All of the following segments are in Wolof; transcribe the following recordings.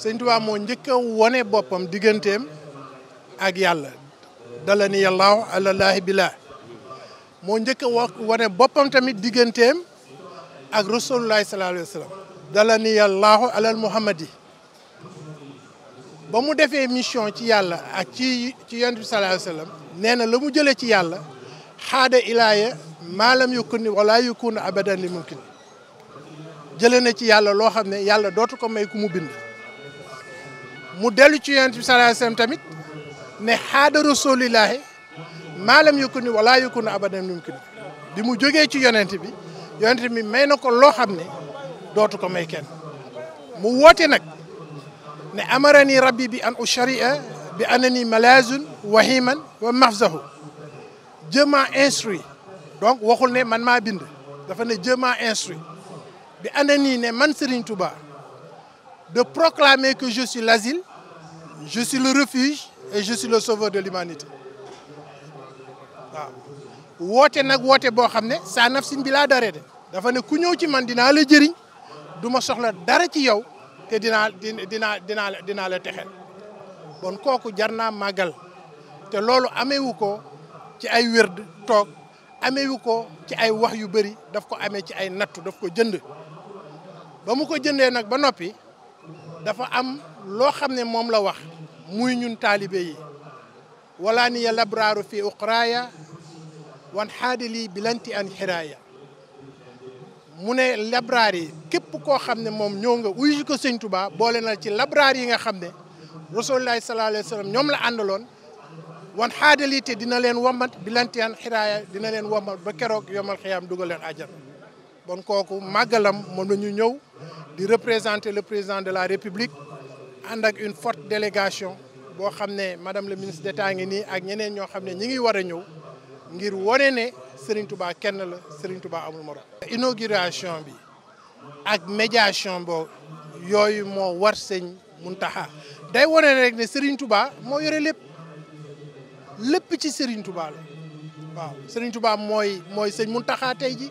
sëñ Tuubaa moo njëkk wone boppam digganteem ak yàlla dala ni yàllaahu moo njëkk a wone boppam tamit digganteem ak rasulullahi sallallahu alayhi wa dala ni alal muhammadi ba mu defee mission ci yàlla ak ci ci yonent bi sallallahu na la mu jëlee ci yàlla xaada ilaaya maalam yukkun ni wala yukkun abadan li mumkin jëlee na ci yàlla lo xamne yàlla dootu ko may ku mu bind mu delu ci yent bi sallallahu alayhi wasallam tamit ne hada rasulillahi ma lam yakun wala yakun abadan mumkin bi mu joge ci yonent bi yonent mi may nako lo xamne ne dootu ko may ken mu wote nak ne amarani rabbi bi an ushari'a bi anani malazun wahiman wa mafzahu jëma instruit donc waxul ne man ma bind dafa ne jëma instruit de proclamer que je suis l'asile je suis le refuge et je suis le sauveur de l'humanité Wote nak nag bo boo sa nafsin bi la daré de dafa ne ku ñëw ci man dina la jëriñ duma soxla dara ci yow té dina dina dina dina la bon koku jarna magal. té lolu amé wu ko ci ay wérd amé wu ko ci ay wax yu daf ko ci ay nattu daf ba mu ko jëndee nag ba noppi dafa am loo xam ne moom la wax muy ñun taalibe yi wala niya labraaru fi uqraaya wan xaadili bilanti an xiraaya mu ne labraar yi képp koo xam ne moom ñëw nga uyu si ko sëñ Tuubaa boole na ci labraar yi nga xam ne rasulullaahi sallallaahu alayhi wa sallam ñoom la àndaloon wan xaadali te dina leen wommat bilanti an xiraaya dina leen wommat ba keroog yomal xiyaam dugal leen àjjana kon koku magalam moom la ñu ñëw di représenter le président de la république and ak une forte délégation bo xamné madame le ministre d'État ngi ni ak ñeneen ño xamné ñi ngi wara ñëw ngir woné né Serigne Touba kenn la Serigne Touba amul morom. inauguration bi ak médiation bo yoy mo war serigne muntaha day woné rek né Serigne Touba mo yoré lépp lépp ci Serigne Touba la waaw Serigne Touba moy moy serigne muntaha tay ji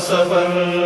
سفر